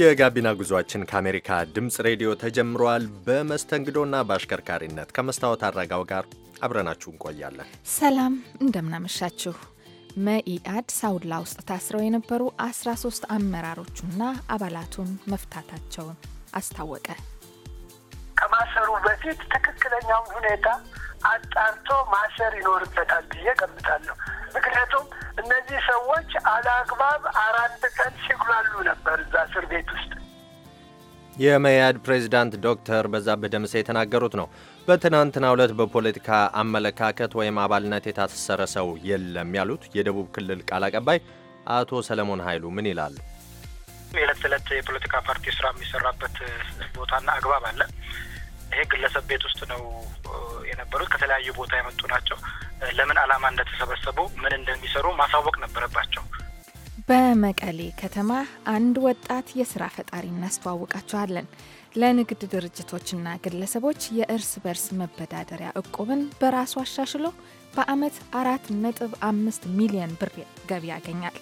የጋቢና ጉዟችን ከአሜሪካ ድምፅ ሬዲዮ ተጀምሯል። በመስተንግዶና በአሽከርካሪነት ከመስታወት አረጋው ጋር አብረናችሁ እንቆያለን። ሰላም እንደምናመሻችሁ። መኢአድ ሳውላ ውስጥ ታስረው የነበሩ 13 አመራሮቹና አባላቱን መፍታታቸውን አስታወቀ። ከማሰሩ በፊት ትክክለኛውን ሁኔታ አጣርቶ ማሰር ይኖርበታል ብዬ ገምታለሁ። ምክንያቱም እነዚህ ሰዎች አላግባብ አራት ቀን ሲጉላሉ ነበር እዛ እስር ቤት ውስጥ። የመያድ ፕሬዚዳንት ዶክተር በዛብህ ደምሴ የተናገሩት ነው። በትናንትናው ዕለት በፖለቲካ አመለካከት ወይም አባልነት የታሰረ ሰው የለም ያሉት የደቡብ ክልል ቃል አቀባይ አቶ ሰለሞን ኃይሉ ምን ይላሉ? የዕለት ዕለት የፖለቲካ ፓርቲ ስራ የሚሰራበት ቦታና አግባብ አለ። ይሄ ግለሰብ ቤት ውስጥ ነው የነበሩት። ከተለያዩ ቦታ የመጡ ናቸው። ለምን ዓላማ እንደተሰበሰቡ ምን እንደሚሰሩ ማሳወቅ ነበረባቸው። በመቀሌ ከተማ አንድ ወጣት የስራ ፈጣሪ እናስተዋውቃችኋለን። ለንግድ ድርጅቶችና ግለሰቦች የእርስ በርስ መበዳደሪያ እቁብን በራሱ አሻሽሎ በአመት አራት ነጥብ አምስት ሚሊዮን ብር ገቢ ያገኛል።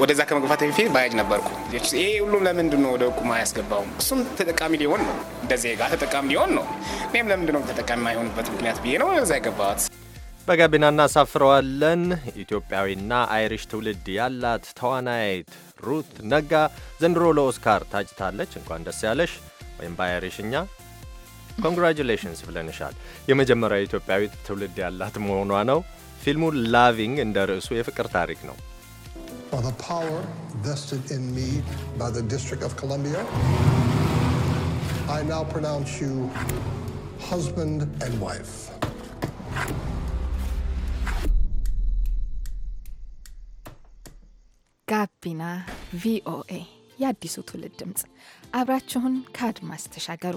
ወደዛ ከመግባት በፊት ባጃጅ ነበርኩ። ይሄ ሁሉም ለምንድን ነው ወደ ቁማ አያስገባውም? እሱም ተጠቃሚ ሊሆን ነው፣ እንደ ዜጋ ተጠቃሚ ሊሆን ነው። እኔም ለምንድን ነው ተጠቃሚ የማይሆንበት ምክንያት ብዬ ነው ወደዛ ያገባት። በጋቢና እናሳፍረዋለን። ኢትዮጵያዊና አይሪሽ ትውልድ ያላት ተዋናይት ሩት ነጋ ዘንድሮ ለኦስካር ታጭታለች። እንኳን ደስ ያለሽ ወይም በአይሪሽኛ ኮንግራጁሌሽንስ ብለንሻል። የመጀመሪያው ኢትዮጵያዊ ትውልድ ያላት መሆኗ ነው። ፊልሙ ላቪንግ እንደ ርዕሱ የፍቅር ታሪክ ነው። by the power vested in me by the District of Columbia, I now pronounce you husband and wife. ጋቢና V O A. የአዲሱ ትውልድ ድምፅ፣ አብራችሁን ከአድማስ ተሻገሩ።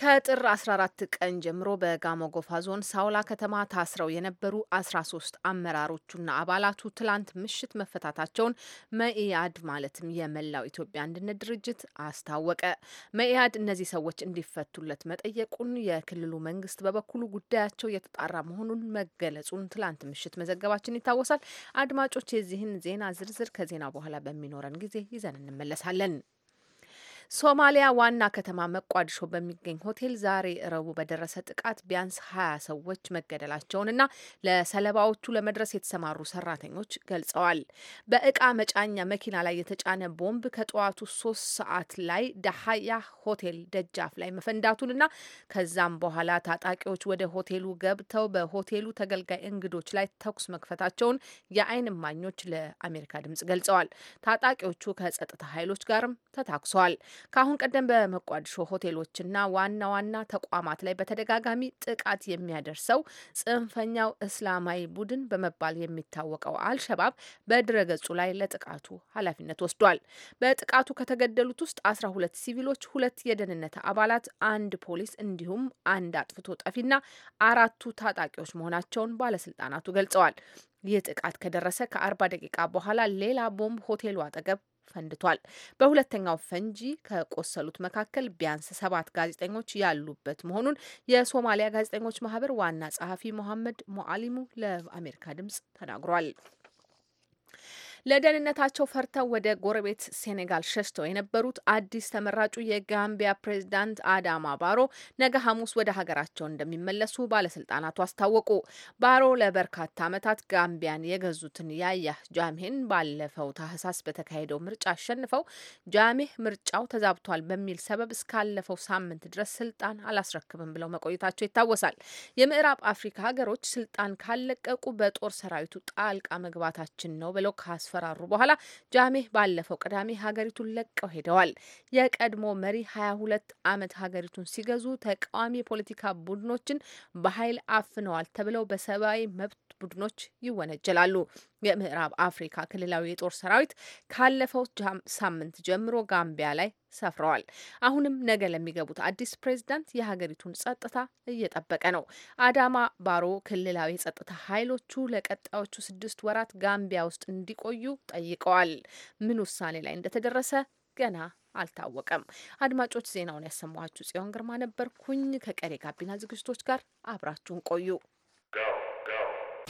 ከጥር 14 ቀን ጀምሮ በጋሞ ጎፋ ዞን ሳውላ ከተማ ታስረው የነበሩ 13 አመራሮቹና አባላቱ ትላንት ምሽት መፈታታቸውን መኢአድ ማለትም የመላው ኢትዮጵያ አንድነት ድርጅት አስታወቀ። መኢአድ እነዚህ ሰዎች እንዲፈቱለት መጠየቁን፣ የክልሉ መንግስት በበኩሉ ጉዳያቸው የተጣራ መሆኑን መገለጹን ትላንት ምሽት መዘገባችን ይታወሳል። አድማጮች የዚህን ዜና ዝርዝር ከዜና በኋላ በሚኖረን ጊዜ ይዘን እንመለሳለን። ሶማሊያ ዋና ከተማ መቋድሾ በሚገኝ ሆቴል ዛሬ እረቡ በደረሰ ጥቃት ቢያንስ ሀያ ሰዎች መገደላቸውንና ለሰለባዎቹ ለመድረስ የተሰማሩ ሰራተኞች ገልጸዋል። በእቃ መጫኛ መኪና ላይ የተጫነ ቦምብ ከጠዋቱ ሶስት ሰዓት ላይ ደሀያ ሆቴል ደጃፍ ላይ መፈንዳቱንና ከዛም በኋላ ታጣቂዎች ወደ ሆቴሉ ገብተው በሆቴሉ ተገልጋይ እንግዶች ላይ ተኩስ መክፈታቸውን የአይን እማኞች ለአሜሪካ ድምጽ ገልጸዋል። ታጣቂዎቹ ከጸጥታ ኃይሎች ጋርም ተታኩሰዋል። ከአሁን ቀደም በመቋድሾ ሆቴሎችና ዋና ዋና ተቋማት ላይ በተደጋጋሚ ጥቃት የሚያደርሰው ጽንፈኛው እስላማዊ ቡድን በመባል የሚታወቀው አልሸባብ በድረገጹ ላይ ለጥቃቱ ኃላፊነት ወስዷል። በጥቃቱ ከተገደሉት ውስጥ አስራ ሁለት ሲቪሎች፣ ሁለት የደህንነት አባላት፣ አንድ ፖሊስ እንዲሁም አንድ አጥፍቶ ጠፊና አራቱ ታጣቂዎች መሆናቸውን ባለስልጣናቱ ገልጸዋል። ይህ ጥቃት ከደረሰ ከአርባ ደቂቃ በኋላ ሌላ ቦምብ ሆቴሉ አጠገብ ፈንድቷል። በሁለተኛው ፈንጂ ከቆሰሉት መካከል ቢያንስ ሰባት ጋዜጠኞች ያሉበት መሆኑን የሶማሊያ ጋዜጠኞች ማህበር ዋና ጸሐፊ ሞሐመድ ሞአሊሙ ለአሜሪካ ድምጽ ተናግሯል። ለደህንነታቸው ፈርተው ወደ ጎረቤት ሴኔጋል ሸሽተው የነበሩት አዲስ ተመራጩ የጋምቢያ ፕሬዚዳንት አዳማ ባሮ ነገ ሐሙስ ወደ ሀገራቸው እንደሚመለሱ ባለስልጣናቱ አስታወቁ። ባሮ ለበርካታ ዓመታት ጋምቢያን የገዙትን ያያ ጃሜህን ባለፈው ታህሳስ በተካሄደው ምርጫ አሸንፈው ጃሜህ ምርጫው ተዛብቷል በሚል ሰበብ እስካለፈው ሳምንት ድረስ ስልጣን አላስረክብም ብለው መቆየታቸው ይታወሳል። የምዕራብ አፍሪካ ሀገሮች ስልጣን ካለቀቁ በጦር ሰራዊቱ ጣልቃ መግባታችን ነው ብለው ካስ ከተስፈራሩ በኋላ ጃሜህ ባለፈው ቅዳሜ ሀገሪቱን ለቀው ሄደዋል። የቀድሞ መሪ 22 ዓመት ሀገሪቱን ሲገዙ ተቃዋሚ የፖለቲካ ቡድኖችን በኃይል አፍነዋል ተብለው በሰብአዊ መብት ቡድኖች ይወነጀላሉ። የምዕራብ አፍሪካ ክልላዊ የጦር ሰራዊት ካለፈው ሳምንት ጀምሮ ጋምቢያ ላይ ሰፍረዋል። አሁንም ነገ ለሚገቡት አዲስ ፕሬዝዳንት የሀገሪቱን ጸጥታ እየጠበቀ ነው። አዳማ ባሮ ክልላዊ የጸጥታ ኃይሎቹ ለቀጣዮቹ ስድስት ወራት ጋምቢያ ውስጥ እንዲቆዩ ጠይቀዋል። ምን ውሳኔ ላይ እንደተደረሰ ገና አልታወቀም። አድማጮች፣ ዜናውን ያሰማኋችሁ ጽዮን ግርማ ነበርኩኝ። ከቀሬ ጋቢና ዝግጅቶች ጋር አብራችሁን ቆዩ።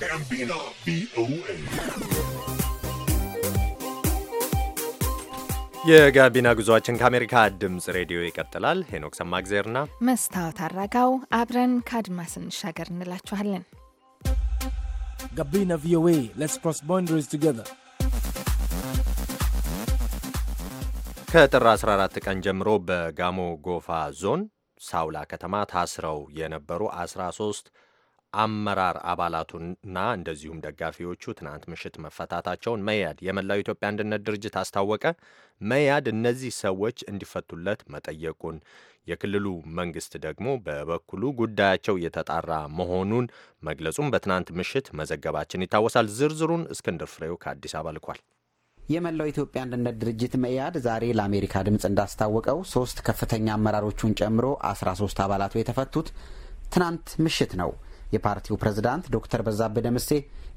ጋቢና ቪኦኤ የጋቢና ጉዟችን ከአሜሪካ ድምፅ ሬዲዮ ይቀጥላል። ሄኖክ ሰማግዜርና መስታወት አራጋው አብረን ከአድማስ እንሻገር እንላችኋለን። ጋቢና ቪኦኤ ሌትስ ክሮስ ቦንደሪስ ቱጌዘር ከጥር 14 ቀን ጀምሮ በጋሞ ጎፋ ዞን ሳውላ ከተማ ታስረው የነበሩ 13 አመራር አባላቱና እንደዚሁም ደጋፊዎቹ ትናንት ምሽት መፈታታቸውን መያድ የመላው ኢትዮጵያ አንድነት ድርጅት አስታወቀ። መያድ እነዚህ ሰዎች እንዲፈቱለት መጠየቁን፣ የክልሉ መንግስት ደግሞ በበኩሉ ጉዳያቸው የተጣራ መሆኑን መግለጹን በትናንት ምሽት መዘገባችን ይታወሳል። ዝርዝሩን እስክንድር ፍሬው ከአዲስ አበባ ልኳል። የመላው ኢትዮጵያ አንድነት ድርጅት መኢአድ ዛሬ ለአሜሪካ ድምፅ እንዳስታወቀው ሶስት ከፍተኛ አመራሮቹን ጨምሮ 13 አባላቱ የተፈቱት ትናንት ምሽት ነው። የፓርቲው ፕሬዝዳንት ዶክተር በዛብህ ደምሴ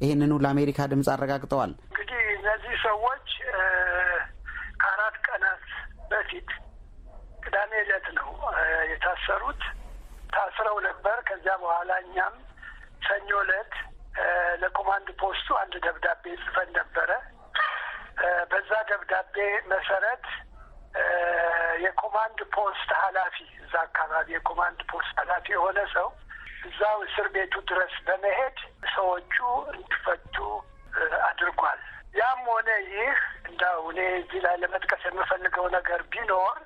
ይህንኑ ለአሜሪካ ድምፅ አረጋግጠዋል። እንግዲህ እነዚህ ሰዎች ከአራት ቀናት በፊት ቅዳሜ ዕለት ነው የታሰሩት። ታስረው ነበር። ከዚያ በኋላ እኛም ሰኞ ዕለት ለኮማንድ ፖስቱ አንድ ደብዳቤ ጽፈን ነበረ። በዛ ደብዳቤ መሰረት የኮማንድ ፖስት ኃላፊ እዛ አካባቢ የኮማንድ ፖስት ኃላፊ የሆነ ሰው እዛው እስር ቤቱ ድረስ በመሄድ ሰዎቹ እንዲፈቱ አድርጓል። ያም ሆነ ይህ እንዳው እኔ እዚህ ላይ ለመጥቀስ የምፈልገው ነገር ቢኖር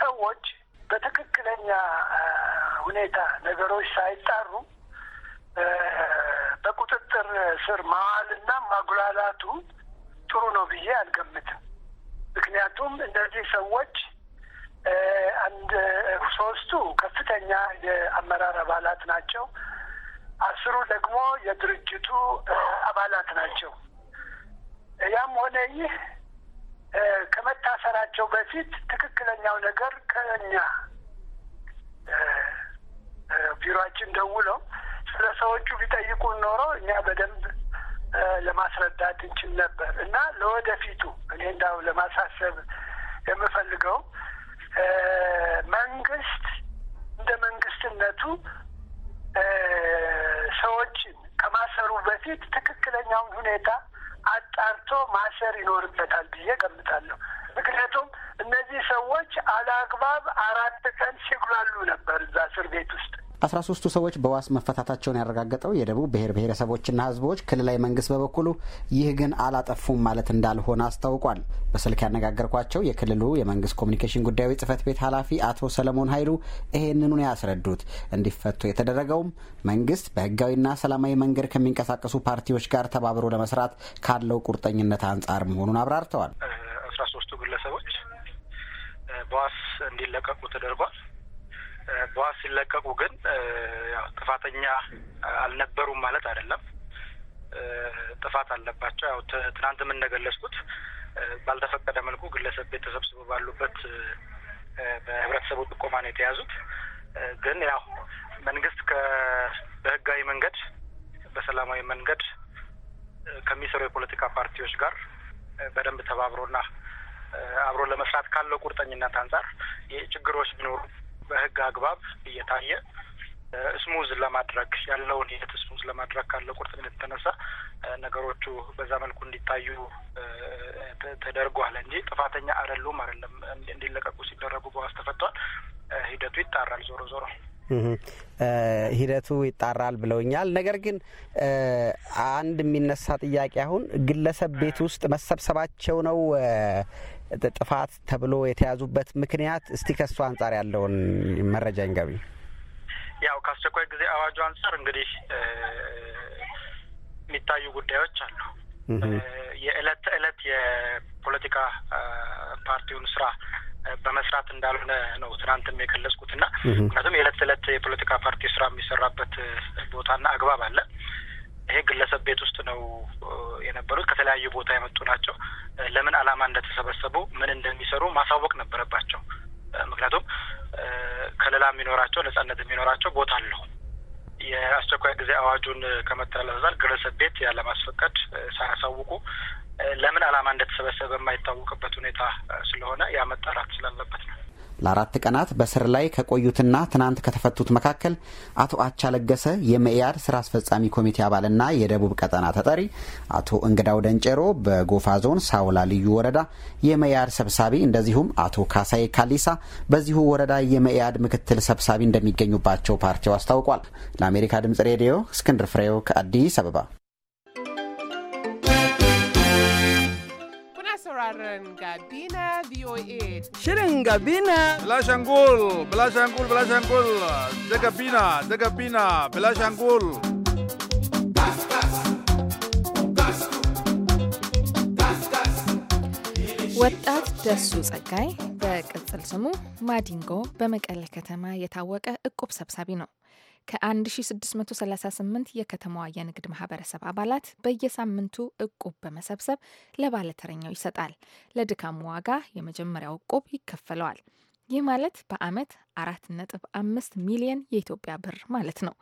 ሰዎች በትክክለኛ ሁኔታ ነገሮች ሳይጣሩ በቁጥጥር ስር ማዋልና ማጉላላቱ ጥሩ ነው ብዬ አልገምትም። ምክንያቱም እነዚህ ሰዎች ስድስቱ ከፍተኛ የአመራር አባላት ናቸው። አስሩ ደግሞ የድርጅቱ አባላት ናቸው። ያም ሆነ ይህ ከመታሰራቸው በፊት ትክክለኛው ነገር ከእኛ ቢሮችን ደውለው ስለ ሰዎቹ ቢጠይቁን ኖሮ እኛ በደንብ ለማስረዳት እንችል ነበር እና ለወደፊቱ እኔ እንዳው ለማሳሰብ የምፈልገው መንግስት እንደ መንግስትነቱ ሰዎችን ከማሰሩ በፊት ትክክለኛውን ሁኔታ አጣርቶ ማሰር ይኖርበታል ብዬ ገምታለሁ። ምክንያቱም እነዚህ ሰዎች አለአግባብ አራት ቀን ሲጉላሉ ነበር እዛ እስር ቤት ውስጥ አስራ ሶስቱ ሰዎች በዋስ መፈታታቸውን ያረጋገጠው የደቡብ ብሔር ብሔረሰቦችና ህዝቦች ክልላዊ መንግስት በበኩሉ ይህ ግን አላጠፉም ማለት እንዳልሆነ አስታውቋል። በስልክ ያነጋገርኳቸው የክልሉ የመንግስት ኮሚኒኬሽን ጉዳዮች ጽህፈት ቤት ኃላፊ አቶ ሰለሞን ኃይሉ ይህንኑን ያስረዱት እንዲፈቱ የተደረገውም መንግስት በህጋዊና ሰላማዊ መንገድ ከሚንቀሳቀሱ ፓርቲዎች ጋር ተባብሮ ለመስራት ካለው ቁርጠኝነት አንጻር መሆኑን አብራርተዋል። አስራ ሶስቱ ግለሰቦች በዋስ እንዲለቀቁ ተደርጓል። በዋስ ሲለቀቁ ግን ጥፋተኛ አልነበሩም ማለት አይደለም። ጥፋት አለባቸው። ያው ትናንትም እንደገለጽኩት ባልተፈቀደ መልኩ ግለሰብ ቤት ተሰብስበው ባሉበት በህብረተሰቡ ጥቆማ ነው የተያዙት። ግን ያው መንግስት በህጋዊ መንገድ በሰላማዊ መንገድ ከሚሰሩ የፖለቲካ ፓርቲዎች ጋር በደንብ ተባብሮና አብሮ ለመስራት ካለው ቁርጠኝነት አንጻር ችግሮች ቢኖሩ በህግ አግባብ እየታየ ስሙዝ ለማድረግ ያለውን ሂደት ስሙዝ ለማድረግ ካለው ቁርጠኝነት የተነሳ ነገሮቹ በዛ መልኩ እንዲታዩ ተደርጓል እንጂ ጥፋተኛ አይደሉም አይደለም እንዲለቀቁ ሲደረጉ በዋስ ተፈቷል። ሂደቱ ይጣራል። ዞሮ ዞሮ ሂደቱ ይጣራል ብለውኛል። ነገር ግን አንድ የሚነሳ ጥያቄ አሁን ግለሰብ ቤት ውስጥ መሰብሰባቸው ነው ጥፋት ተብሎ የተያዙበት ምክንያት እስቲ ከሱ አንጻር ያለውን መረጃ ይንገቢ። ያው ከአስቸኳይ ጊዜ አዋጁ አንጻር እንግዲህ የሚታዩ ጉዳዮች አሉ። የእለት ተእለት የፖለቲካ ፓርቲውን ስራ በመስራት እንዳልሆነ ነው ትናንትም የገለጽኩትና ምክንያቱም የእለት ተእለት የፖለቲካ ፓርቲ ስራ የሚሰራበት ቦታና አግባብ አለ። ይሄ ግለሰብ ቤት ውስጥ ነው የነበሩት። ከተለያዩ ቦታ የመጡ ናቸው። ለምን ዓላማ እንደተሰበሰቡ ምን እንደሚሰሩ ማሳወቅ ነበረባቸው። ምክንያቱም ከለላ የሚኖራቸው ነጻነት የሚኖራቸው ቦታ አለው። የአስቸኳይ ጊዜ አዋጁን ከመተላለፍ ግለሰብ ቤት ያለማስፈቀድ ሳያሳውቁ ለምን ዓላማ እንደተሰበሰበ የማይታወቅበት ሁኔታ ስለሆነ ያመጣራት ስላለበት ነው። ለአራት ቀናት በስር ላይ ከቆዩትና ትናንት ከተፈቱት መካከል አቶ አቻ ለገሰ የመኢአድ ስራ አስፈጻሚ ኮሚቴ አባልና የደቡብ ቀጠና ተጠሪ፣ አቶ እንግዳው ደንጨሮ በጎፋ ዞን ሳውላ ልዩ ወረዳ የመኢአድ ሰብሳቢ፣ እንደዚሁም አቶ ካሳይ ካሊሳ በዚሁ ወረዳ የመኢአድ ምክትል ሰብሳቢ እንደሚገኙባቸው ፓርቲው አስታውቋል። ለአሜሪካ ድምጽ ሬዲዮ እስክንድር ፍሬው ከአዲስ አበባ sauraron Gabina VOA. Shirin Gabina. Bilashangul, Bilashangul, Bilashangul, da Gabina, da Gabina, Bilashangul. ወጣት ደሱ ጸጋይ በቅጽል ስሙ ማዲንጎ በመቀለ ከተማ የታወቀ እቁብ ሰብሳቢ ነው። ከ1638 የከተማዋ የንግድ ማህበረሰብ አባላት በየሳምንቱ እቁብ በመሰብሰብ ለባለተረኛው ይሰጣል። ለድካሙ ዋጋ የመጀመሪያው እቁብ ይከፈለዋል። ይህ ማለት በአመት አራት ነጥብ አምስት ሚሊየን የኢትዮጵያ ብር ማለት ነው።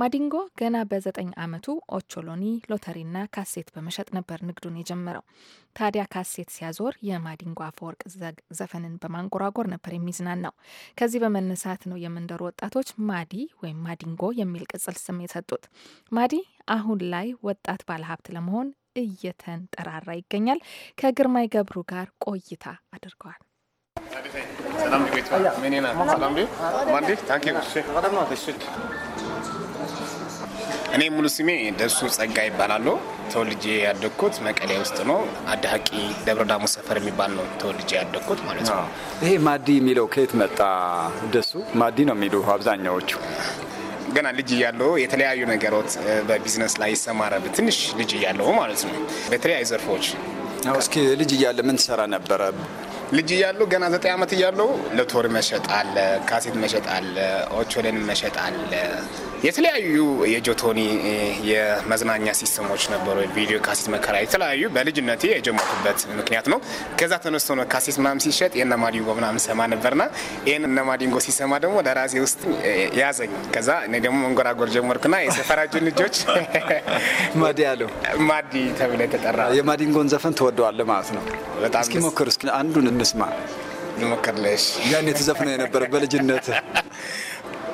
ማዲንጎ ገና በዘጠኝ አመቱ ኦቾሎኒ ሎተሪና ካሴት በመሸጥ ነበር ንግዱን የጀመረው። ታዲያ ካሴት ሲያዞር የማዲንጎ አፈወርቅ ዘፈንን በማንጎራጎር ነበር የሚዝናናው። ከዚህ በመነሳት ነው የመንደሩ ወጣቶች ማዲ ወይም ማዲንጎ የሚል ቅጽል ስም የሰጡት። ማዲ አሁን ላይ ወጣት ባለሀብት ለመሆን እየተንጠራራ ይገኛል። ከግርማይ ገብሩ ጋር ቆይታ አድርገዋል። ሰላም ዲቤት ሰላም ዴ ማንዴ ታንኪ እኔ ሙሉ ስሜ ደሱ ጸጋ ይባላሉ። ተወልጄ ያደግኩት መቀሌ ውስጥ ነው። አዳቂ ደብረ ዳሞ ሰፈር የሚባል ነው ተወልጄ ያደግኩት ማለት ነው። ይሄ ማዲ የሚለው ከየት መጣ? ደሱ ማዲ ነው የሚሉ አብዛኛዎቹ ገና ልጅ እያለው የተለያዩ ነገሮች በቢዝነስ ላይ ይሰማረ ትንሽ ልጅ እያለው ማለት ነው። በተለያዩ ዘርፎች እስኪ ልጅ እያለ ምን ትሰራ ነበረ? ልጅ እያለሁ ገና ዘጠኝ ዓመት እያለሁ ለቶር መሸጥ አለ፣ ካሴት መሸጥ አለ፣ ኦቾሌን መሸጥ አለ የተለያዩ የጆቶኒ የመዝናኛ ሲስተሞች ነበሩ። ቪዲዮ ካሴት መከራ የተለያዩ በልጅነቴ የጀመርኩበት ምክንያት ነው። ከዛ ተነስቶ ነው ካሴት ምናምን ሲሸጥ የእነ ማዲንጎ ምናም ሰማ ነበርና ይህን እነ ማዲንጎ ሲሰማ ደግሞ ለራሴ ውስጥ ያዘኝ። ከዛ እኔ ደግሞ መንጎራጎር ጀመርኩና የሰፈራችን ልጆች ማዲ አለ ማዲ ተብለ ተጠራ። የማዲንጎን ዘፈን ትወደዋለህ ማለት ነው። በጣም እስኪ ሞክር፣ እስኪ አንዱን እንስማ። ሞክርለሽ ያን የተዘፍነው የነበረ በልጅነት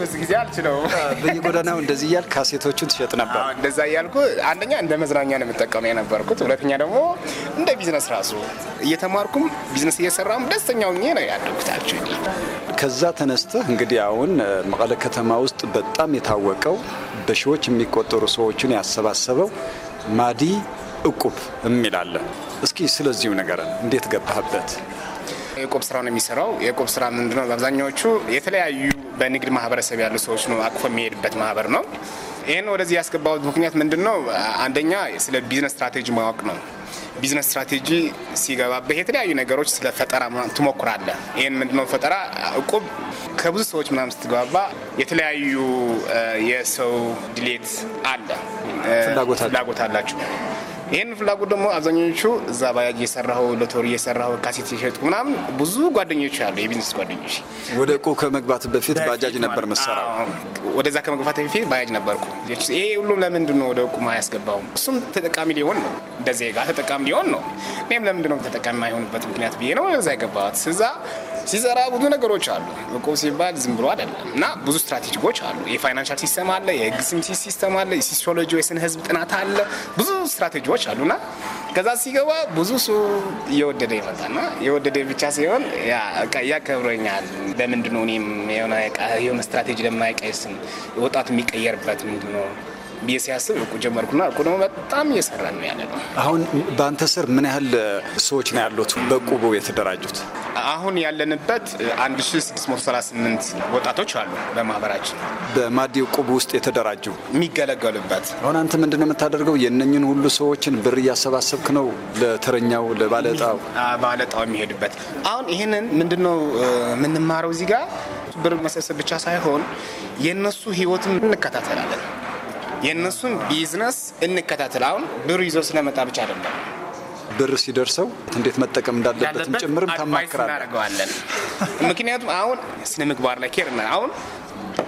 ብዙ ጊዜ አልችለውም። በየጎዳናው እንደዚህ እያል ካሴቶቹን ትሸጥ ነበር? እንደዛ እያልኩ አንደኛ እንደ መዝናኛ ነው የምጠቀመው የነበርኩት፣ ሁለተኛ ደግሞ እንደ ቢዝነስ ራሱ እየተማርኩም ቢዝነስ እየሰራም ደስተኛው ሆኜ ነው ያደጉታቸው። ከዛ ተነስተህ እንግዲህ አሁን መቀለ ከተማ ውስጥ በጣም የታወቀው በሺዎች የሚቆጠሩ ሰዎችን ያሰባሰበው ማዲ እቁብ የሚላለን እስኪ ስለዚሁ ነገር እንዴት ገባህበት? የቆብ ስራ ነው የሚሰራው። የቆብ ስራ ምንድነው? በአብዛኛዎቹ የተለያዩ በንግድ ማህበረሰብ ያሉ ሰዎች ነው አቅፎ የሚሄድበት ማህበር ነው። ይህን ወደዚህ ያስገባሁት ምክንያት ምንድነው? አንደኛ ስለ ቢዝነስ ስትራቴጂ ማወቅ ነው። ቢዝነስ ስትራቴጂ ሲገባበት የተለያዩ ነገሮች ስለ ፈጠራ ትሞክራለህ። ይህን ምንድነው ፈጠራ እቁብ ከብዙ ሰዎች ምናምን ስትገባባ የተለያዩ የሰው ድሌት አለ፣ ፍላጎት አላቸው ይህን ፍላጎት ደግሞ አብዛኞቹ እዛ ባጃጅ እየሰራሁ ሎተሪ እየሰራሁ ካሴት የሸጥኩ ምናምን ብዙ ጓደኞች አሉ፣ የቢዝነስ ጓደኞች። ወደ እቁ ከመግባት በፊት ባጃጅ ነበር መሰራ። ወደዛ ከመግባት በፊት ባጃጅ ነበርኩ። ይሄ ሁሉ ለምንድን ነው ወደ ቁማ ያስገባው? እሱም ተጠቃሚ ሊሆን ነው፣ እንደ ዜጋ ተጠቃሚ ሊሆን ነው። እኔም ለምንድን ነው ተጠቃሚ የማይሆንበት ምክንያት ብዬ ነው እዛ የገባሁት። እዛ ሲሰራ ብዙ ነገሮች አሉ። እቁ ሲባል ዝም ብሎ አይደለም እና ብዙ ስትራቴጂዎች አሉ። የፋይናንሻል ሲስተም አለ፣ የህግ ሲስተም አለ፣ የሶሲዮሎጂ የስነ ህዝብ ጥናት አለ፣ ብዙ ስትራቴጂዎች ቦታዎች አሉና ከዛ ሲገባ ብዙ ሰው እየወደደ ይመጣና የወደደ ብቻ ሲሆን ያከብረኛል። ለምንድነው እኔም የሆነ ስትራቴጂ ለማይቀይስም ወጣቱ የሚቀየርበት ምንድነው ብዬ ሲያስብ እቁ ጀመርኩና ደግሞ በጣም እየሰራ ነው ያለ ነው። አሁን በአንተ ስር ምን ያህል ሰዎች ነው ያሉት በቁቡ የተደራጁት? አሁን ያለንበት 1638 ወጣቶች አሉ በማህበራችን በማዲው ቁቡ ውስጥ የተደራጁ የሚገለገሉበት። አሁን አንተ ምንድን ነው የምታደርገው? የእነኝን ሁሉ ሰዎችን ብር እያሰባሰብክ ነው ለተረኛው ለባለጣው ባለጣው የሚሄድበት አሁን ይህንን ምንድን ነው የምንማረው እዚህ ጋር ብር መሰብሰብ ብቻ ሳይሆን የእነሱ ህይወትም እንከታተላለን። የእነሱን ቢዝነስ እንከታተል። አሁን ብር ይዞ ስለመጣ ብቻ አይደለም ብር ሲደርሰው እንዴት መጠቀም እንዳለበትም ጭምርም ታማክራለን። ምክንያቱም አሁን ስነ ምግባር ላይ ኬር አሁን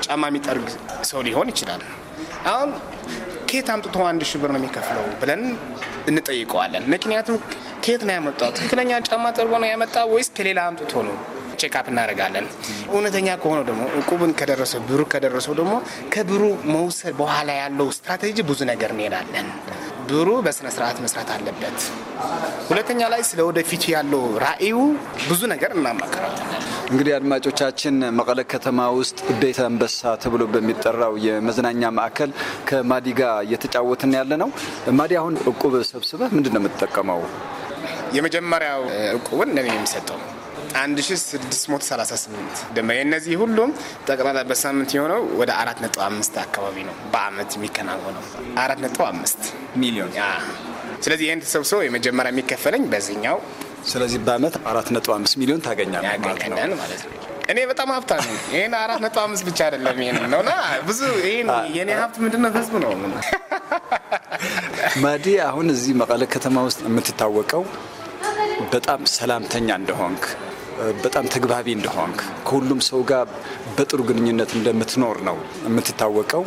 ጫማ የሚጠርግ ሰው ሊሆን ይችላል። አሁን ኬት አምጥቶ አንድ ሺህ ብር ነው የሚከፍለው ብለን እንጠይቀዋለን። ምክንያቱም ኬት ነው ያመጣው? ትክክለኛ ጫማ ጠርጎ ነው ያመጣ ወይስ ከሌላ አምጥቶ ነው? ቼክአፕ እናደርጋለን። እውነተኛ ከሆነው ደግሞ እቁብን ከደረሰው ብሩ ከደረሰው ደግሞ ከብሩ መውሰድ በኋላ ያለው ስትራቴጂ ብዙ ነገር እንሄዳለን። ብሩ በስነ ስርዓት መስራት አለበት። ሁለተኛ ላይ ስለ ወደፊቱ ያለው ራዕዩ ብዙ ነገር እናማከራለን። እንግዲህ አድማጮቻችን መቀለ ከተማ ውስጥ ቤተ አንበሳ ተብሎ በሚጠራው የመዝናኛ ማዕከል ከማዲ ጋር እየተጫወትን ያለ ነው። ማዲ አሁን እቁብ ሰብስበህ ምንድን ነው የምትጠቀመው? የመጀመሪያው እቁብን ነው የሚሰጠው 1638 ደግሞ የእነዚህ ሁሉም ጠቅላላ በሳምንት የሆነው ወደ 4.5 አካባቢ ነው በአመት የሚከናወነው 4.5 ሚሊዮን። ስለዚህ ይህን ተሰብስቦ የመጀመሪያ የሚከፈለኝ በዚህኛው ስለዚህ በአመት 4.5 ሚሊዮን ታገኛለህ ማለት ነው። እኔ በጣም ሀብታ ነኝ። ይህን አራት ነጥብ አምስት ብቻ አይደለም ይህን ነው ነውና ብዙ ይህን የኔ ሀብት ምንድነው ህዝብ ነው። ማዲ አሁን እዚህ መቀለ ከተማ ውስጥ የምትታወቀው በጣም ሰላምተኛ እንደሆንክ በጣም ተግባቢ እንደሆንክ ከሁሉም ሰው ጋር በጥሩ ግንኙነት እንደምትኖር ነው የምትታወቀው።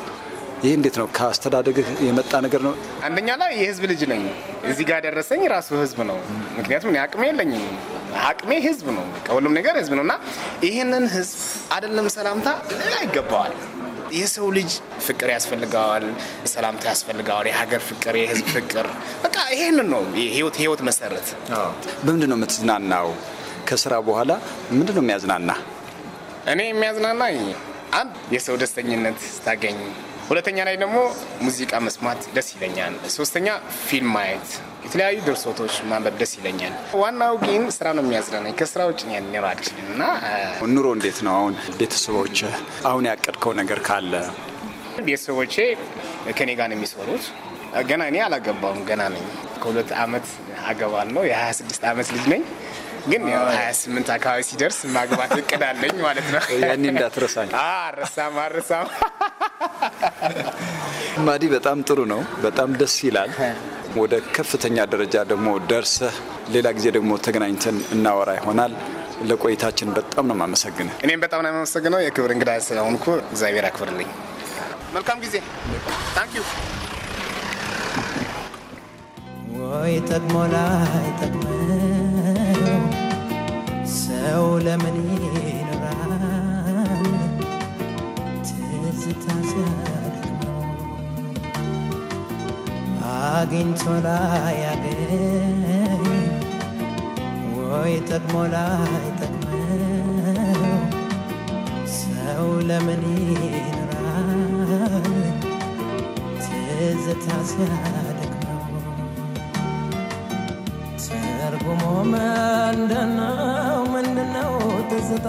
ይህ እንዴት ነው? ከአስተዳደግህ የመጣ ነገር ነው? አንደኛ ላይ የህዝብ ልጅ ነኝ። እዚህ ጋር ደረሰኝ ራሱ ህዝብ ነው። ምክንያቱም አቅሜ የለኝም። አቅሜ ህዝብ ነው። ከሁሉም ነገር ህዝብ ነው እና ይህንን ህዝብ አይደለም ሰላምታ ይገባዋል። የሰው ልጅ ፍቅር ያስፈልገዋል፣ ሰላምታ ያስፈልገዋል። የሀገር ፍቅር፣ የህዝብ ፍቅር፣ በቃ ይህንን ነው ህይወት መሰረት። በምንድን ነው የምትዝናናው? ከስራ በኋላ ምንድን ነው የሚያዝናና? እኔ የሚያዝናናኝ አንድ የሰው ደስተኝነት ስታገኝ፣ ሁለተኛ ላይ ደግሞ ሙዚቃ መስማት ደስ ይለኛል። ሶስተኛ ፊልም ማየት፣ የተለያዩ ድርሰቶች ማንበብ ደስ ይለኛል። ዋናው ግን ስራ ነው የሚያዝናናኝ። ከስራ ውጭ ኑሮ እና ኑሮ እንዴት ነው አሁን? ቤተሰቦች አሁን ያቀድከው ነገር ካለ? ቤተሰቦቼ ከኔ ጋር ነው የሚሰሩት። ገና እኔ አላገባውም፣ ገና ነኝ። ከሁለት ዓመት አገባለሁ። የ26 አመት ልጅ ነኝ። ግን ያው 28 አካባቢ ሲደርስ ማግባት እቅድ አለኝ ማለት ነው። ያኔ እንዳትረሳኝ። አረሳም አረሳም። ማዲ በጣም ጥሩ ነው። በጣም ደስ ይላል። ወደ ከፍተኛ ደረጃ ደግሞ ደርሰህ ሌላ ጊዜ ደግሞ ተገናኝተን እናወራ ይሆናል። ለቆይታችን በጣም ነው የማመሰግነው። እኔም በጣም ነው የማመሰግነው። የክብር እንግዳ ስለሆንኩ እግዚአብሔር አክብርልኝ። መልካም ጊዜ። ታንኪዩ። ወይ ጠቅሞ ላይ ጠቅመን ሰው ለምን ይኖራል? ትዝታ ሲያደክመው አግኝቶ ላያገኝ ወይ ጠቅሞ ላይጠቅመው ሰው ለምን ይኖራል? ትዝታ ሲያደክመው ተርጉሞ ምንድነው? ትዝታ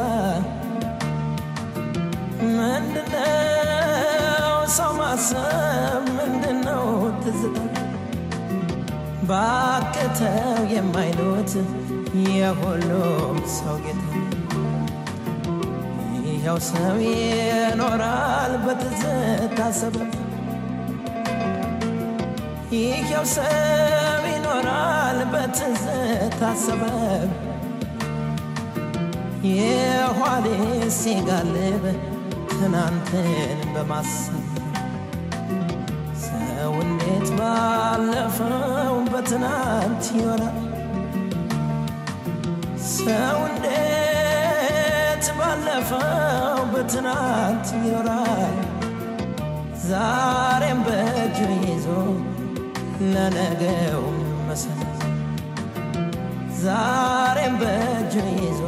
ምንድነው ሰው ማሰብ ምንድነው ትዝታ ባቅተው የማይሉት የሁሉም ሰው ጌታ ይኸው ሰው ይኖራል በትዝታ ሰበብ ይኸው ሰው ይኖራል በትዝታ ሰበብ የኋሌ ሲጋልብ ትናንትን በማሰብ ሰው እንዴት ባለፈው በትናንት ይሆናል? ሰው እንዴት ባለፈው በትናንት ይኖራል? ዛሬም በእጁ ይዞ ለነገው መሰረት ዛሬም በእጁ ይዞ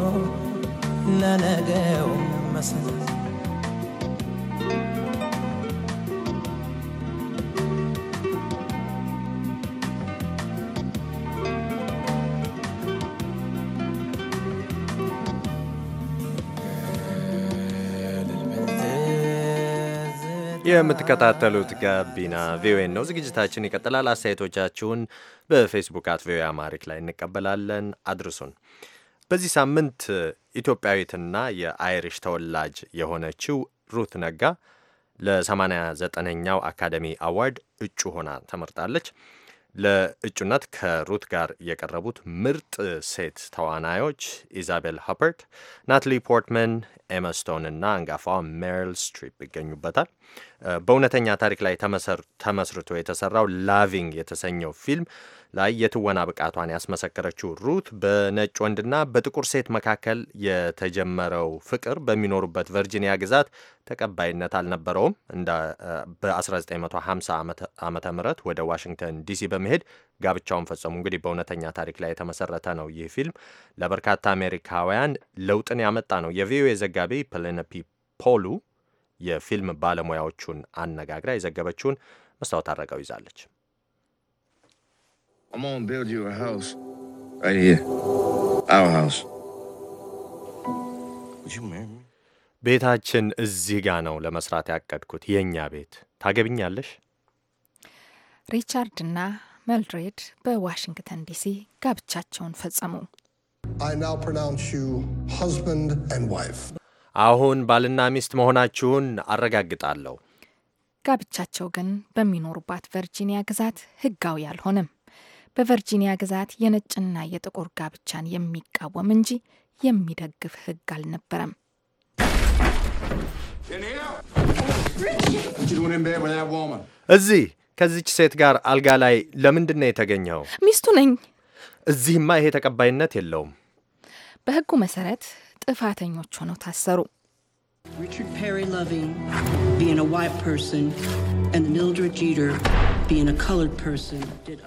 ለነገው የምትከታተሉት ጋቢና ቪኦኤ ነው። ዝግጅታችን ይቀጥላል። አስተያየቶቻችሁን በፌስቡክ አት ቪኦኤ አማሪክ ላይ እንቀበላለን። አድርሱን። በዚህ ሳምንት ኢትዮጵያዊትና የአይሪሽ ተወላጅ የሆነችው ሩት ነጋ ለ89ኛው አካደሚ አዋርድ እጩ ሆና ተመርጣለች። ለእጩነት ከሩት ጋር የቀረቡት ምርጥ ሴት ተዋናዮች ኢዛቤል ሀፐርት፣ ናትሊ ፖርትመን፣ ኤማ ስቶን እና አንጋፋዋ ሜሪል ስትሪፕ ይገኙበታል። በእውነተኛ ታሪክ ላይ ተመስርቶ የተሰራው ላቪንግ የተሰኘው ፊልም ላይ የትወና ብቃቷን ያስመሰከረችው ሩት በነጭ ወንድና በጥቁር ሴት መካከል የተጀመረው ፍቅር በሚኖሩበት ቨርጂኒያ ግዛት ተቀባይነት አልነበረውም። እንደ በ1950 ዓመተ ምህረት ወደ ዋሽንግተን ዲሲ በመሄድ ጋብቻውን ፈጸሙ። እንግዲህ በእውነተኛ ታሪክ ላይ የተመሰረተ ነው ይህ ፊልም። ለበርካታ አሜሪካውያን ለውጥን ያመጣ ነው። የቪኦኤ ዘጋቢ ፕሌነፒ ፖሉ የፊልም ባለሙያዎቹን አነጋግራ የዘገበችውን መስታወት አድረገው ይዛለች። I'm gonna build you a house right here. Our house. Would you marry me? ቤታችን እዚህ ጋ ነው ለመስራት ያቀድኩት፣ የእኛ ቤት። ታገብኛለሽ? ሪቻርድ ሪቻርድና መልድሬድ በዋሽንግተን ዲሲ ጋብቻቸውን ፈጸሙ። አሁን ባልና ሚስት መሆናችሁን አረጋግጣለሁ። ጋብቻቸው ግን በሚኖሩባት ቨርጂኒያ ግዛት ሕጋዊ አልሆነም። በቨርጂኒያ ግዛት የነጭና የጥቁር ጋብቻን የሚቃወም እንጂ የሚደግፍ ሕግ አልነበረም። እዚህ ከዚች ሴት ጋር አልጋ ላይ ለምንድን ነው የተገኘው? ሚስቱ ነኝ። እዚህማ ይሄ ተቀባይነት የለውም። በሕጉ መሰረት ጥፋተኞች ሆነው ታሰሩ። Richard Perry Loving being a white person and Mildred Jeter being a colored person did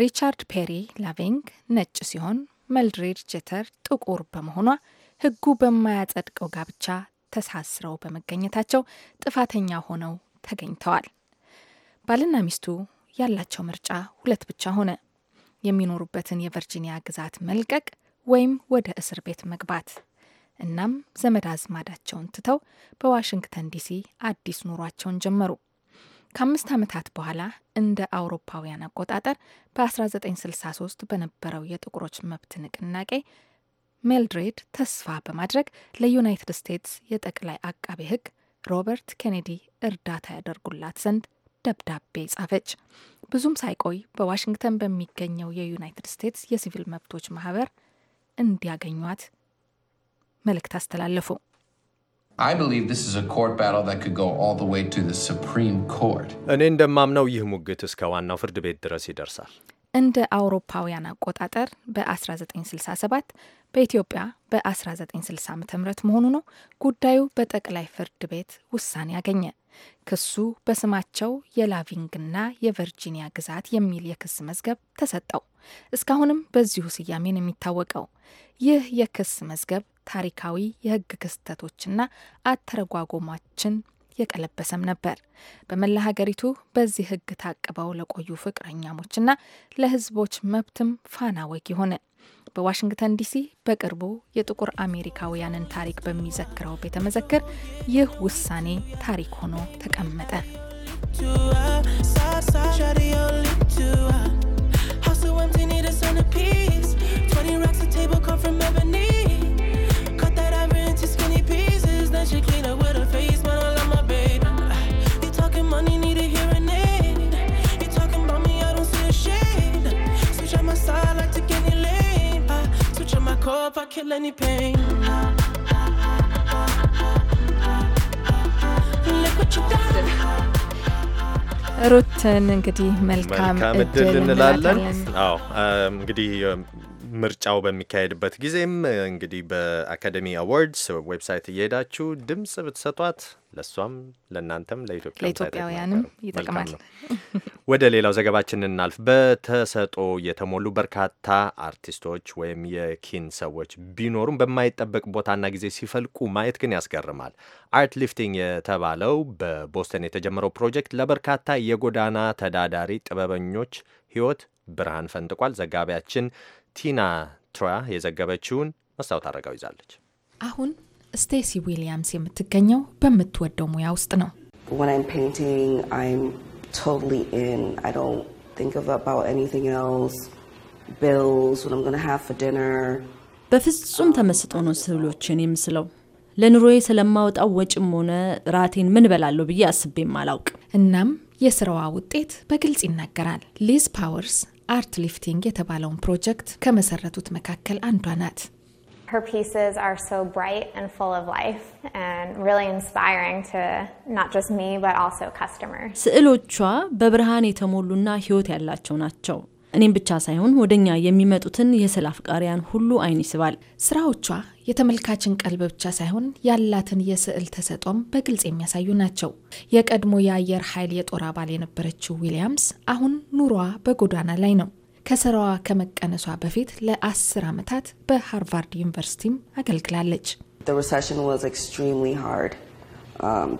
ሪቻርድ ፔሪ ላቬንግ ነጭ ሲሆን መልድሬድ ጀተር ጥቁር በመሆኗ ሕጉ በማያጸድቀው ጋብቻ ተሳስረው በመገኘታቸው ጥፋተኛ ሆነው ተገኝተዋል። ባልና ሚስቱ ያላቸው ምርጫ ሁለት ብቻ ሆነ። የሚኖሩበትን የቨርጂኒያ ግዛት መልቀቅ ወይም ወደ እስር ቤት መግባት። እናም ዘመድ አዝማዳቸውን ትተው በዋሽንግተን ዲሲ አዲስ ኑሯቸውን ጀመሩ። ከአምስት ዓመታት በኋላ እንደ አውሮፓውያን አቆጣጠር በ1963 በነበረው የጥቁሮች መብት ንቅናቄ ሜልድሬድ ተስፋ በማድረግ ለዩናይትድ ስቴትስ የጠቅላይ አቃቤ ሕግ ሮበርት ኬኔዲ እርዳታ ያደርጉላት ዘንድ ደብዳቤ ጻፈች። ብዙም ሳይቆይ በዋሽንግተን በሚገኘው የዩናይትድ ስቴትስ የሲቪል መብቶች ማህበር እንዲያገኟት መልእክት አስተላለፉ። I believe this is a court battle that could go all the way to the Supreme Court. እኔ እንደማምነው ይህ ሙግት እስከ ዋናው ፍርድ ቤት ድረስ ይደርሳል። እንደ አውሮፓውያን አቆጣጠር በ1967 በኢትዮጵያ በ1960 ዓ ም መሆኑ ነው። ጉዳዩ በጠቅላይ ፍርድ ቤት ውሳኔ አገኘ። ክሱ በስማቸው የላቪንግና የቨርጂኒያ ግዛት የሚል የክስ መዝገብ ተሰጠው። እስካሁንም በዚሁ ስያሜ ነው የሚታወቀው። ይህ የክስ መዝገብ ታሪካዊ የህግ ክስተቶችና አተረጓጎማችን የቀለበሰም ነበር። በመላ ሀገሪቱ በዚህ ህግ ታቅበው ለቆዩ ፍቅረኛሞችና ለህዝቦች መብትም ፋና ወጊ ሆነ። በዋሽንግተን ዲሲ በቅርቡ የጥቁር አሜሪካውያንን ታሪክ በሚዘክረው ቤተ መዘክር ይህ ውሳኔ ታሪክ ሆኖ ተቀመጠ። ሁላችን እንግዲህ መልካም እድል እንላለን። እንግዲህ ምርጫው በሚካሄድበት ጊዜም እንግዲህ በአካደሚ አዋርድስ ዌብሳይት እየሄዳችሁ ድምጽ ብትሰጧት ለእሷም ለእናንተም ለኢትዮጵያውያንም ይጠቅማል። ወደ ሌላው ዘገባችን እናልፍ። በተሰጦ የተሞሉ በርካታ አርቲስቶች ወይም የኪን ሰዎች ቢኖሩም በማይጠበቅ ቦታና ጊዜ ሲፈልቁ ማየት ግን ያስገርማል። አርት ሊፍቲንግ የተባለው በቦስተን የተጀመረው ፕሮጀክት ለበርካታ የጎዳና ተዳዳሪ ጥበበኞች ሕይወት ብርሃን ፈንጥቋል። ዘጋቢያችን ቲና ትራ የዘገበችውን መስታወት አድርጋው ይዛለች። አሁን ስቴሲ ዊሊያምስ የምትገኘው በምትወደው ሙያ ውስጥ ነው። በፍጹም ተመስጦ ነው ስዕሎችን የምስለው። ለኑሮዬ ስለማወጣው ወጭም ሆነ ራቴን ምን በላለሁ ብዬ አስቤም አላውቅ። እናም የስራዋ ውጤት በግልጽ ይናገራል። ሊዝ ፓወርስ አርት ሊፍቲንግ የተባለውን ፕሮጀክት ከመሰረቱት መካከል አንዷ ናት። Her pieces are so bright and full of life and really inspiring to not just me but also customers. ስዕሎቿ በብርሃን የተሞሉና ህይወት ያላቸው ናቸው። እኔም ብቻ ሳይሆን ወደኛ የሚመጡትን የስዕል አፍቃሪያን ሁሉ አይን ይስባል። ስራዎቿ የተመልካችን ቀልብ ብቻ ሳይሆን ያላትን የስዕል ተሰጦም በግልጽ የሚያሳዩ ናቸው። የቀድሞ የአየር ኃይል የጦር አባል የነበረችው ዊሊያምስ አሁን ኑሯ በጎዳና ላይ ነው። ከስራዋ ከመቀነሷ በፊት ለአስር ዓመታት በሃርቫርድ ዩኒቨርሲቲም አገልግላለች። The recession was extremely hard. Um,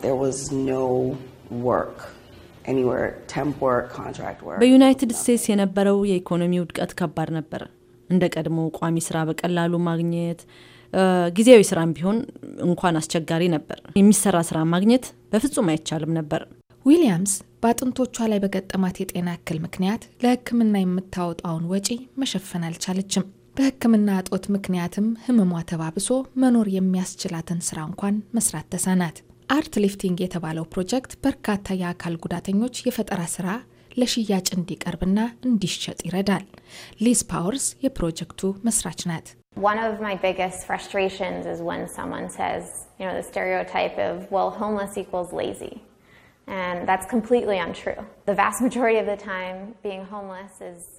በዩናይትድ ስቴትስ የነበረው የኢኮኖሚ ውድቀት ከባድ ነበር። እንደ ቀድሞ ቋሚ ስራ በቀላሉ ማግኘት ጊዜያዊ ስራም ቢሆን እንኳን አስቸጋሪ ነበር። የሚሰራ ስራ ማግኘት በፍጹም አይቻልም ነበር። ዊሊያምስ በአጥንቶቿ ላይ በገጠማት የጤና እክል ምክንያት ለህክምና የምታወጣውን ወጪ መሸፈን አልቻለችም። በህክምና እጦት ምክንያትም ህመሟ ተባብሶ መኖር የሚያስችላትን ስራ እንኳን መስራት ተሳናት። አርት ሊፍቲንግ የተባለው ፕሮጀክት በርካታ የአካል ጉዳተኞች የፈጠራ ስራ ለሽያጭ እንዲቀርብና እንዲሸጥ ይረዳል። ሊዝ ፓወርስ የፕሮጀክቱ መስራች ናት።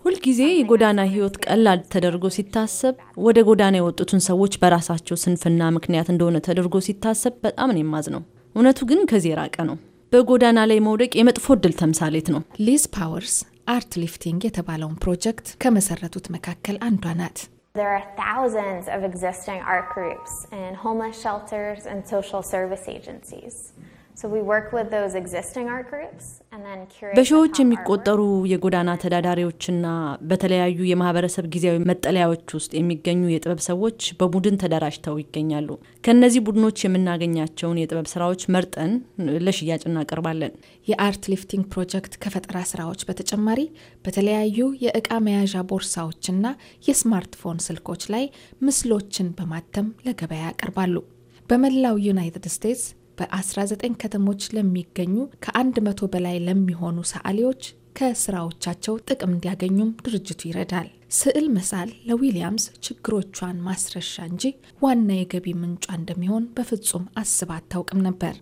ሁልጊዜ የጎዳና ህይወት ቀላል ተደርጎ ሲታሰብ ወደ ጎዳና የወጡትን ሰዎች በራሳቸው ስንፍና ምክንያት እንደሆነ ተደርጎ ሲታሰብ በጣም ነው እውነቱ ግን ከዚህ የራቀ ነው። በጎዳና ላይ መውደቅ የመጥፎ እድል ተምሳሌት ነው። ሊዝ ፓወርስ አርት ሊፍቲንግ የተባለውን ፕሮጀክት ከመሰረቱት መካከል አንዷ ናት። በሺዎች የሚቆጠሩ የጎዳና ተዳዳሪዎችና በተለያዩ የማህበረሰብ ጊዜያዊ መጠለያዎች ውስጥ የሚገኙ የጥበብ ሰዎች በቡድን ተደራጅተው ይገኛሉ። ከእነዚህ ቡድኖች የምናገኛቸውን የጥበብ ስራዎች መርጠን ለሽያጭ እናቀርባለን። የአርት ሊፍቲንግ ፕሮጀክት ከፈጠራ ስራዎች በተጨማሪ በተለያዩ የእቃ መያዣ ቦርሳዎችና የስማርትፎን ስልኮች ላይ ምስሎችን በማተም ለገበያ ያቀርባሉ። በመላው ዩናይትድ ስቴትስ በ19 ከተሞች ለሚገኙ ከ100 በላይ ለሚሆኑ ሰዓሊዎች ከስራዎቻቸው ጥቅም እንዲያገኙም ድርጅቱ ይረዳል። ስዕል መሳል ለዊሊያምስ ችግሮቿን ማስረሻ እንጂ ዋና የገቢ ምንጯ እንደሚሆን በፍጹም አስባ አታውቅም ነበር።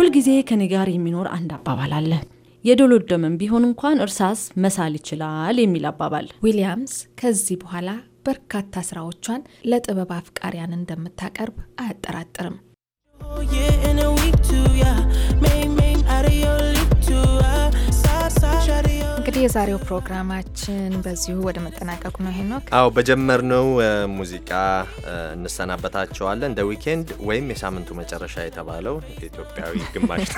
ሁልጊዜ ከኔ ጋር የሚኖር አንድ አባባል አለ። የዶሎደምም ቢሆን እንኳን እርሳስ መሳል ይችላል የሚል አባባል። ዊሊያምስ ከዚህ በኋላ በርካታ ስራዎቿን ለጥበብ አፍቃሪያን እንደምታቀርብ አያጠራጥርም። እንግዲህ የዛሬው ፕሮግራማችን በዚሁ ወደ መጠናቀቁ ነው። ሄኖክ፣ አዎ በጀመርነው ሙዚቃ እንሰናበታቸዋለን። ደ ዊኬንድ ወይም የሳምንቱ መጨረሻ የተባለው ኢትዮጵያዊ ግማሽ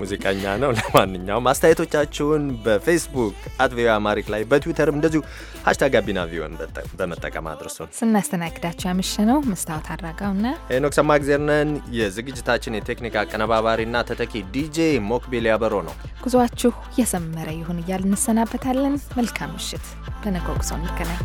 ሙዚቀኛ ነው። ለማንኛውም አስተያየቶቻችሁን በፌስቡክ አት ቪኦኤ አማሪክ ላይ በትዊተርም እንደዚሁ ሀሽታግ ጋቢና ቪዮን በመጠቀም አድርሱን። ስናስተናግዳቸው ያምሽ ነው መስታወት አድራጋው ና ሄኖክ ሰማእግዜር ነን። የዝግጅታችን የቴክኒክ አቀነባባሪና ተተኪ ዲጄ ሞክቢል ያበሮ ነው። ጉዟችሁ የሰመረ የሰመረ ይሁን እያል እንሰናበታለን። መልካም ምሽት። በነገው ጉዞ እንገናኝ።